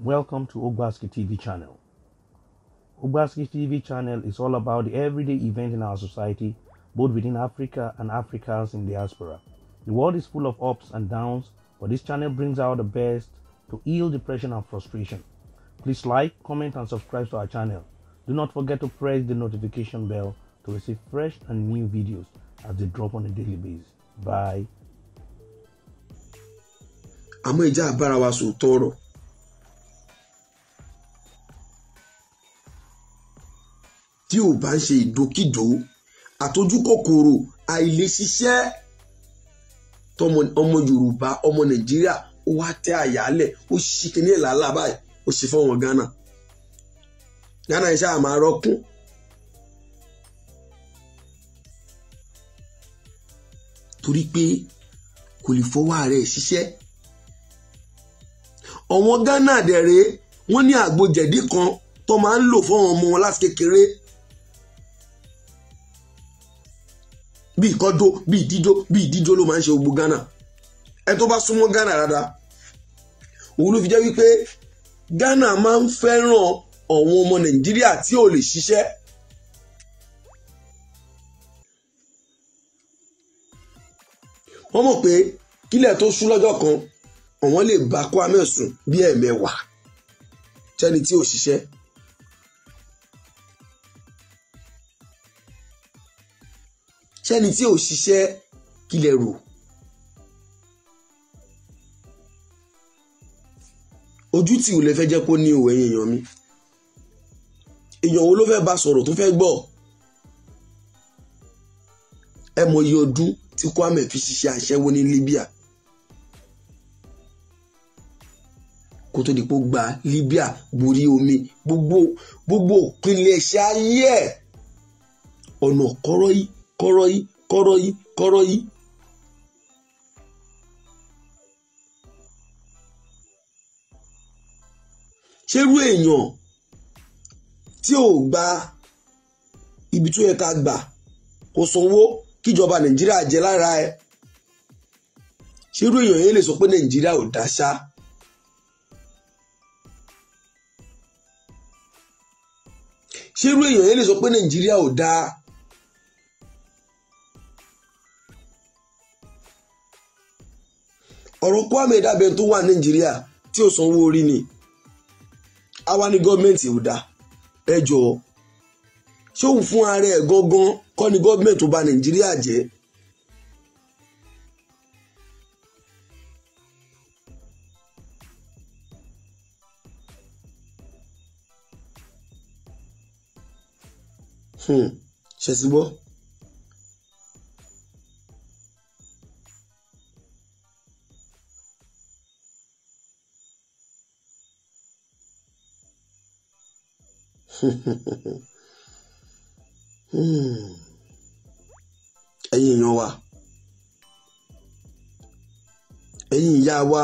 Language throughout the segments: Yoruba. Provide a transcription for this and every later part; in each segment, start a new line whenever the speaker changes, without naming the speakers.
Welcome to Ogbaski TV channel. Ogbaski TV channel is all about the everyday event in our society, both within Africa and Africans in diaspora. The world is full of ups and downs, but this channel brings out the best to heal depression and frustration. Please like, comment, and subscribe to our channel. Do not forget to press the notification bell to receive fresh and new videos as they drop on a daily basis. Bye. àmọ́ ìjà àbára wa toro. tí ò bá ń ṣe ìdókìdó àtojúkòkòrò àìlè ṣiṣẹ́ ọmọ Yorùbá ọmọ Nàìjíríà ó wá tẹ àyálẹ̀ ó ṣí kíní ẹ̀ làálà báyìí ó ṣe fọwọ́n Ghana Ghana iṣẹ́ àmà rọ́kún. torí pé kò lè fọwọ́ rẹ̀ ṣiṣẹ́ ọ̀wọ́n Ghana dẹ̀ rèé wọ́n ní àgbo jẹ̀dí kan tó máa ń lò fọ́wọn ọmọ wọn láti kékeré. bí ìkọ́jó bí ìdíjó bí ìdíjó ló máa ń ṣe gbogbo Ghana ẹ tó bá súnmọ́ Ghana rárá òun ló fi jẹ́ wípé Ghana máa ń fẹ́ràn àwọn ọmọ Nàìjíríà tí ò lè ṣiṣẹ́ wọ́n mọ̀ pé kílẹ̀ tó ṣú lọ́jọ́ kan àwọn lè bá Kwame sùn bí ẹ̀ẹ̀mẹwàá tẹ́ni tí ò ṣiṣẹ́ ṣẹ́ni tí ò ṣiṣẹ́ kílẹ̀ rò ojú tí ò lè fẹ́ jẹ́ kó ní òwe èèyàn mi èèyàn wo ló fẹ́ bá sọ̀rọ̀ tó fẹ́ gbọ́ ẹ mọ iye ọdún tí Kwame fi ṣiṣẹ́ aṣẹ́wó ní Libya kó tó di pé ó gba Libya borí omi gbogbo gbogbo òpinlẹ̀ ṣe ayé ẹ̀ ọ̀nà kọ́rọ́ yìí kọ́rọ́ yìí kọ́rọ́ yìí kọ́rọ́ yìí. ṣerú èèyàn tí ò gba ibi tó yẹ ká gbà kò sanwó kíjọba nàìjíríà jẹ lára ẹ ṣerú èèyàn yẹn lè sọ pé nàìjíríà ò dá ṣá. ṣerú èèyàn yẹn lè sọ pé nàìjíríà ò dáa. ọ̀rọ̀ Kwame Daben tó wà Nàìjíríà tí ò sanwó orí ni àwa ni gọ́ọ̀mẹ̀ntì ò dá ẹ jọ̀ọ́ ṣé òun fún ara ẹ̀ gangan kọ́ ni gọ́ọ̀mẹ̀ntì tó bà Nàìjíríà jẹ́ hmm. ṣe sí gbọ́. ẹ̀yin èèyàn wa ẹ̀yin ìyá wa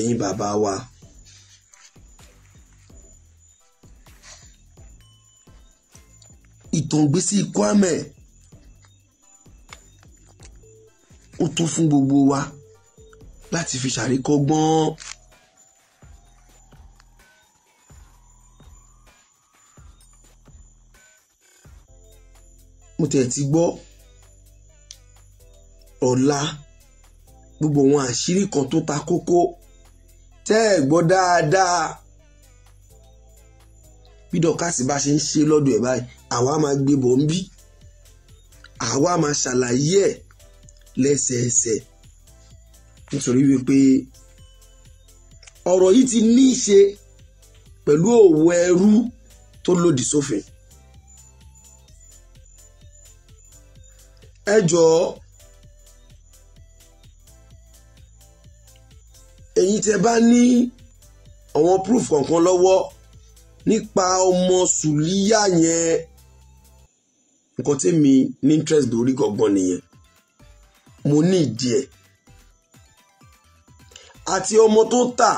ẹ̀yin bàbá wa. ìtàn Kwame ó tó fún gbogbo wa láti fi ṣàríkọ́gbọ́n. tẹ̀ ti gbọ́ ọ̀la gbogbo àwọn àṣírí kan tó ta kókó tẹ́ ẹ̀ gbọ́ dáadáa bí dọ̀kásì bá ṣe ń ṣe lọ́dọ̀ ẹ̀ báyìí àwa máa gbé bọ̀ ń bí àwa máa ṣàlàyé ẹ̀ lẹ́sẹẹsẹ nítorí wípé ọ̀rọ̀ yìí ti ní í ṣe pẹ̀lú òwò ẹrú tó lòdì sófin ẹ jọ̀ọ́ ẹ̀yin tẹ́ bá ní àwọn proof kankan lọ́wọ́ nípa ọmọ sùlíyà yẹn nǹkan tèmi ní interest lórí gangan nìyẹn mo ní ìdí ẹ̀ àti ọmọ tó tà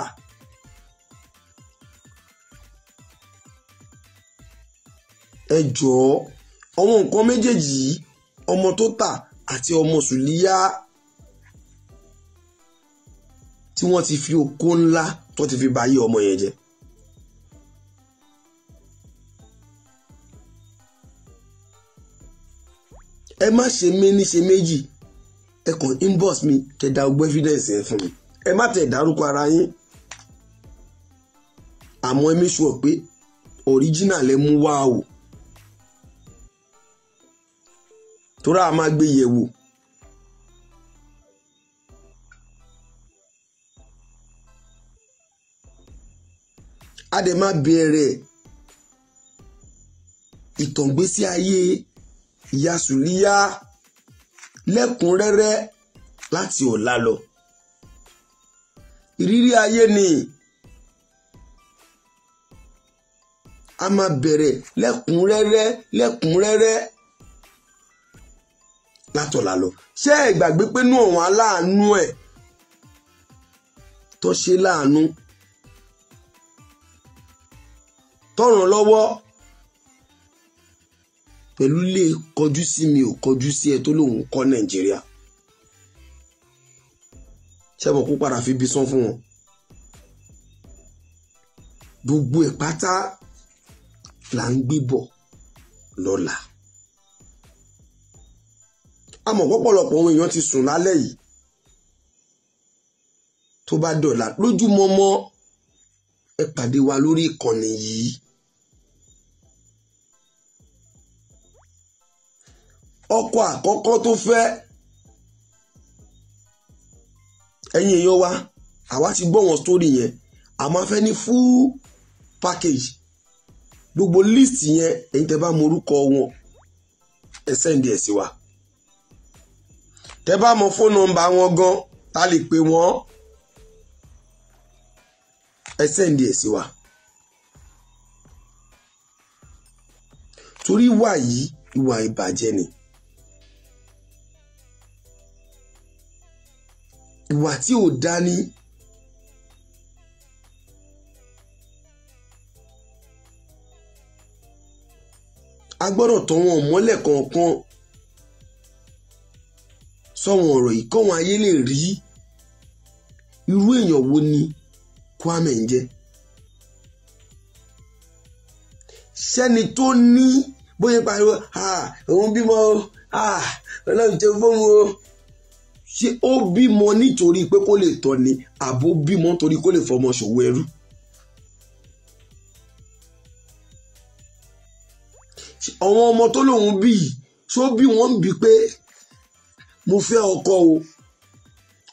ẹ jọ̀ọ́ ọmọ nǹkan méjèèjì yìí ọmọ tó tà àti ọmọ sùlíyà tí wọ́n ti fi okó ńlá tó ti fi báyé ọmọ yẹn jẹ́. ẹ má ṣe méní ṣe méjì ẹ kàn inbox mi kẹdà ogbó evidence ẹ fún mi ẹ má tẹ̀ dárúkọ ara yín àmọ́ ẹ mí sọ pé original ẹ mú wá o. tóra a máa gbé yẹ̀wò. a dẹ̀ máa bẹ̀rẹ̀ ìtàngbésí ayé ìyá sùríyá lẹ́kùnrẹ́rẹ́ láti ọ̀la lọ. ìrírí ayé ni a máa bẹ̀rẹ̀ lẹ́kùnrẹ́rẹ́ lẹ́kùnrẹ́rẹ́ látọ̀la lọ ṣé ẹ gbàgbé pé nú òun aláàánú ẹ̀ tó ṣe láàánú tọ̀ràn lọ́wọ́ pẹ̀lú lè kọjú sí mi ò kọjú sí ẹ tó lòun kọ́ nàìjíríà ṣẹ́bọ̀ kó padà fi bí sán fún wọn gbogbo ẹ̀ pátá là ń gbé bọ̀ lọ́la a mọ̀ pọ̀pọ̀lọpọ̀ àwọn èèyàn ti sùn lálẹ́ yìí tó bá dọ̀là lójúmọmọ ẹ pàdé wa lórí ìkànnì yìí. ọkọ àkọ́kọ́ tó fẹ́ ẹ̀yin èèyàn wa àwa ti gbọ́ wọn sórí yẹn àmọ́ a ní full package gbogbo list yẹn ẹ̀yin tẹ́ bá mọ orúkọ wọn ẹ sẹ́ǹdì ẹ̀ sí wa tẹ́ bá mọ fóònù nọ́mbà wọn gan ta lè pè wọ́n ẹ sẹ́ndì ẹ̀ sí wa. torí ìwà yìí ìwà ìbàjẹ́ ni ìwà tí ò dá a gbọ́dọ̀ tọ́ wọn mọ́lẹ̀ kọ̀ọ̀kan sọ̀wọ́n ọ̀rọ̀ yìí kọ́wọn ayé lè rí irú èèyàn wo ni Kwame ń jẹ́ sẹ́ni tó ní bóyá pariwo òun bímọ ọlọ́run jẹ́ fóun o ṣé ó bímọ nítorí pé kó lè tọ́ ni àbó bímọ nítorí kó lè fọmọ ṣòwò ẹrú. àwọn ọmọ tó lòun bí ṣó bí wọ́n ń bí pé mo fẹ́ ọkọ o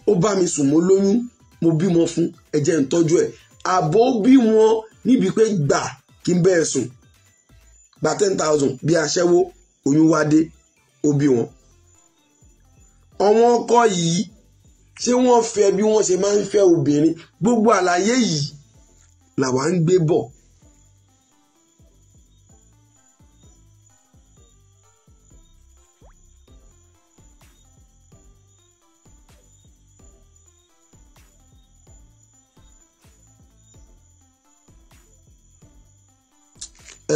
ó bá mi sùn mo lóyún mo bímọ fún ẹ jẹ́ n tọ́jú ẹ̀ àbó bí wọn níbi pé gbà kí n bẹ́ẹ̀ sùn gba ten thousand bí aṣẹ́wó oyún wá dé ó bí wọn. àwọn ọkọ yìí ṣé wọ́n fẹ́ bí wọ́n ṣe máa ń fẹ́ obìnrin gbogbo àlàyé yìí làwa ń gbé bọ̀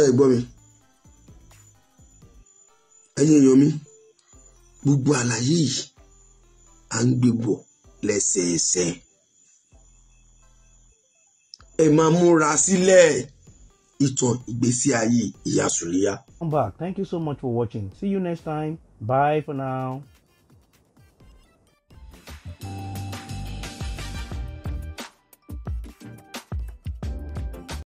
ẹ gbọ́ mi ẹ̀yin èèyàn mi gbogbo àlàyé yìí à ń gbégbò lẹ́sẹẹsẹ ẹ máa múra sílẹ̀ ìtàn ìgbésí ayé ìyá Thank you so much for watching. See you next time. Bye for now.